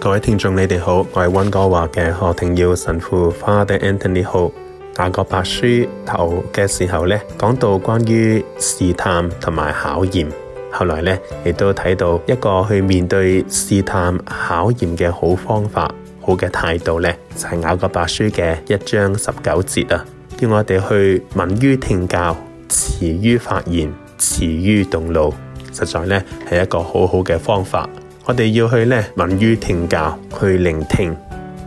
各位聽眾，你哋好，我係溫哥華嘅何庭耀神父 Father Anthony Ho。雅各伯書頭嘅時候呢，講到關於試探同埋考驗，後來呢，亦都睇到一個去面對試探考驗嘅好方法、好嘅態度呢，就係雅各伯書嘅一章十九節啊，叫我哋去敏於聽教、遲於發言、遲於動怒，實在呢，係一個好好嘅方法。我哋要去呢敏於聽教，去聆聽，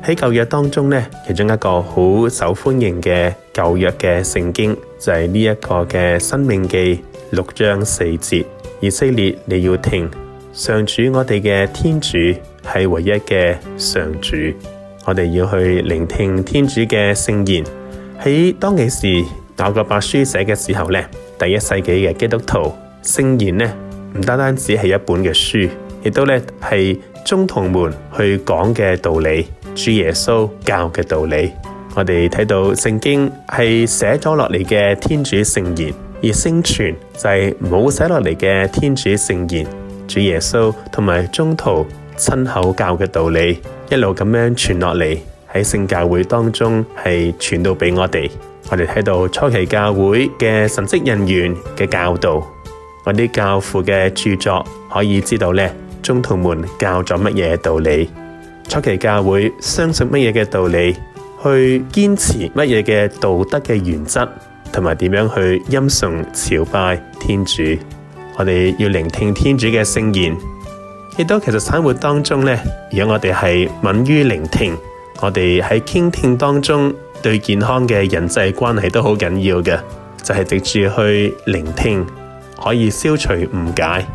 喺舊約當中呢，其中一個好受歡迎嘅舊約嘅聖經就是呢一個嘅《申命紀》六章四節。以色列，你要聽，上主我哋嘅天主是唯一嘅上主。我哋要去聆聽天主嘅聖言。喺當其時，有個白書寫嘅時候呢，第一世紀嘅基督徒聖言呢，唔單單只是一本嘅書。亦都咧，係宗徒們去講嘅道理，主耶穌教嘅道理。我哋睇到聖經係寫咗落嚟嘅天主聖言，而聖傳就係冇寫落嚟嘅天主聖言，主耶穌同埋宗徒親口教嘅道理，一路咁樣傳落嚟喺聖教會當中係傳到俾我哋。我哋睇到初期教會嘅神職人員嘅教導，嗰啲教父嘅著作可以知道咧。宗徒們教咗乜嘢道理？初期教會相信乜嘢嘅道理？去堅持乜嘢嘅道德嘅原則？同埋點樣去欽崇朝拜天主？我哋要聆聽天主嘅聖言，亦都其實生活當中咧，如果我哋係敏於聆聽，我哋喺傾聽當中對健康嘅人際關係都好緊要嘅，就係、是、藉住去聆聽可以消除誤解。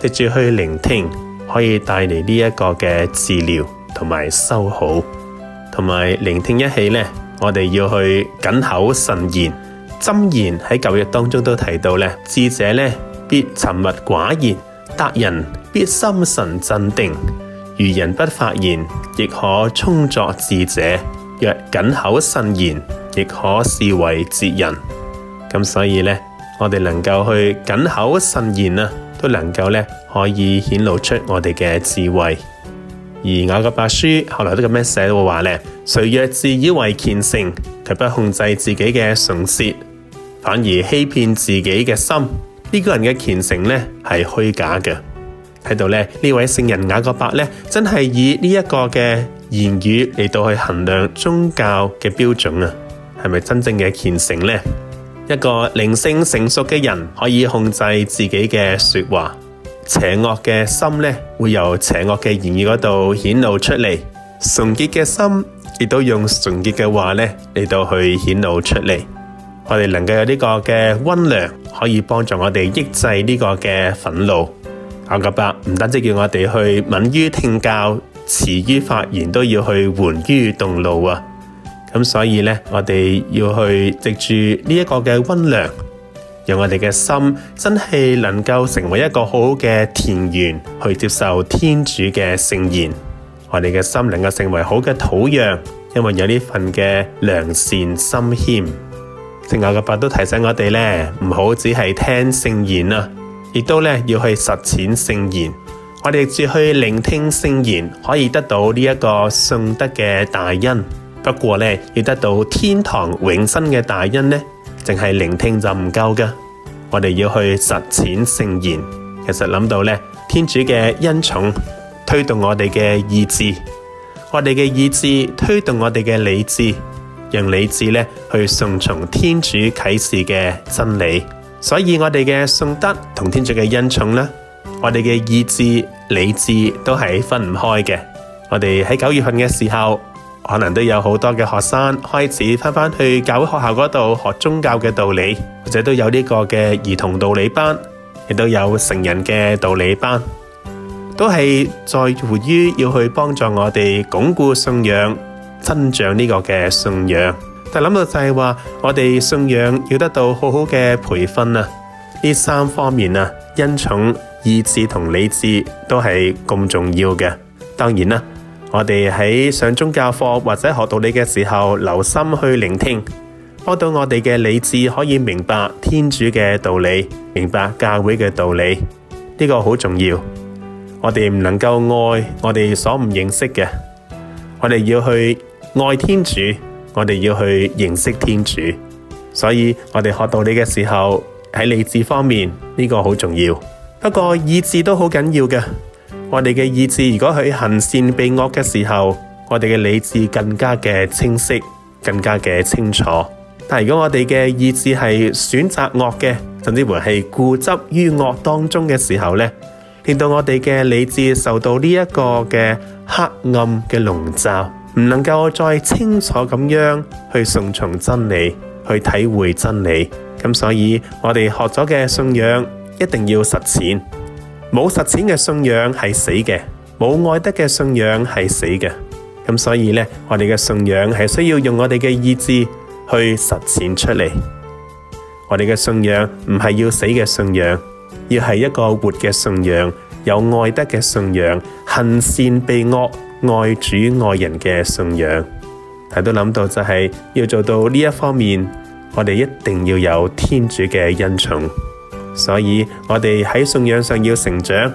藉住去聆聽，可以帶嚟呢一個嘅治療，同埋修好，同埋聆聽一起呢，我哋要去謹口慎言，箴言喺舊約當中都提到呢：「智者呢，必沉默寡言，達人必心神鎮定，愚人不發言，亦可充作智者。若謹口慎言，亦可視為哲人。」咁所以呢，我哋能夠去謹口慎言啊！都能夠咧可以顯露出我哋嘅智慧，而雅各伯書後來都咁樣寫到話咧：誰若自以為虔誠，卻不控制自己嘅唇舌，反而欺騙自己嘅心，呢、這個人嘅虔誠咧係虛假嘅。喺度咧，呢位聖人雅各伯咧真係以呢一個嘅言語嚟，到去衡量宗教嘅標準啊，係咪真正嘅虔誠咧？一個靈性成熟嘅人可以控制自己嘅說話，邪惡嘅心咧會由邪惡嘅言語嗰度顯露出嚟，純潔嘅心亦都用純潔嘅話咧嚟到去顯露出嚟。我哋能夠有呢個嘅温良，可以幫助我哋抑制呢個嘅憤怒。雅各伯唔單止叫我哋去敏於聽教，遲於發言，都要去緩於動怒啊！咁所以咧，我哋要去藉住呢一個嘅溫良，讓我哋嘅心真係能夠成為一個好嘅田園，去接受天主嘅聖言。我哋嘅心能夠成為好嘅土壤，因為有呢份嘅良善心謙。聖雅各伯都提醒我哋咧，唔好只係聽聖言啊，亦都咧要去實踐聖言。我哋只去聆聽聖言，可以得到呢一個信德嘅大恩。不過咧，要得到天堂永生嘅大恩呢，淨係聆聽就唔夠噶我哋要去實踐聖言。其實諗到咧，天主嘅恩寵推動我哋嘅意志，我哋嘅意志推動我哋嘅理智，讓理智咧去順從天主啟示嘅真理。所以我哋嘅信德同天主嘅恩寵啦，我哋嘅意志、理智都係分唔開嘅。我哋喺九月份嘅時候。可能都有好多嘅學生開始翻翻去教會學校嗰度學宗教嘅道理，或者都有呢個嘅兒童道理班，亦都有成人嘅道理班，都係在乎於要去幫助我哋鞏固信仰、增長呢個嘅信仰。但係諗到就係話，我哋信仰要得到好好嘅培訓啊，呢三方面啊，恩寵、意志同理智都係咁重要嘅。當然啦。我哋喺上宗教課或者學道理嘅時候，留心去聆聽，幫到我哋嘅理智可以明白天主嘅道理，明白教會嘅道理，呢、這個好重要。我哋唔能夠愛我哋所唔認識嘅，我哋要去愛天主，我哋要去認識天主。所以我哋學道理嘅時候喺理智方面呢、這個好重要，不過意志都好緊要嘅。我哋嘅意志，如果佢行善避惡嘅時候，我哋嘅理智更加嘅清晰，更加嘅清楚。但如果我哋嘅意志是選擇惡嘅，甚至乎是固執於惡當中嘅時候呢，令到我哋嘅理智受到呢一個嘅黑暗嘅籠罩，唔能夠再清楚咁樣去順從真理，去體會真理。所以，我哋學咗嘅信仰一定要實踐。冇實踐嘅信仰係死嘅，冇愛德嘅信仰係死嘅。咁所以呢，我哋嘅信仰係需要用我哋嘅意志去實踐出嚟。我哋嘅信仰唔係要死嘅信仰，要係一個活嘅信仰，有愛德嘅信仰，行善避惡，愛主愛人嘅信仰。係都諗到就係、是、要做到呢一方面，我哋一定要有天主嘅恩寵。所以我哋喺信仰上要成長，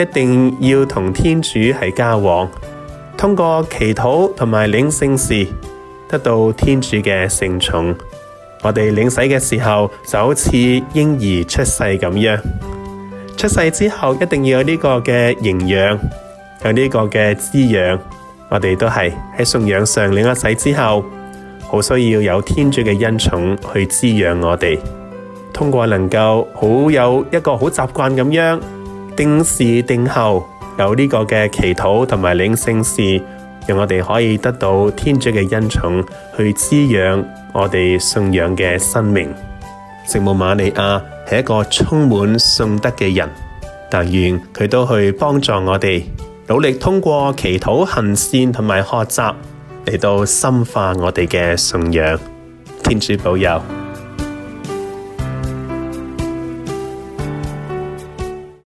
一定要同天主係交往，通過祈禱同埋領聖事，得到天主嘅聖寵。我哋領洗嘅時候就好似嬰兒出世咁樣，出世之後一定要有呢個嘅營養，有呢個嘅滋養。我哋都係喺信仰上領咗洗之後，好需要有天主嘅恩寵去滋養我哋。通過能夠好有一個好習慣咁樣定時定候有呢個嘅祈禱同埋領聖事，讓我哋可以得到天主嘅恩寵，去滋養我哋信仰嘅生命。聖母瑪利亞係一個充滿信德嘅人，但願佢都去幫助我哋，努力通過祈禱、行善同埋學習嚟到深化我哋嘅信仰。天主保佑。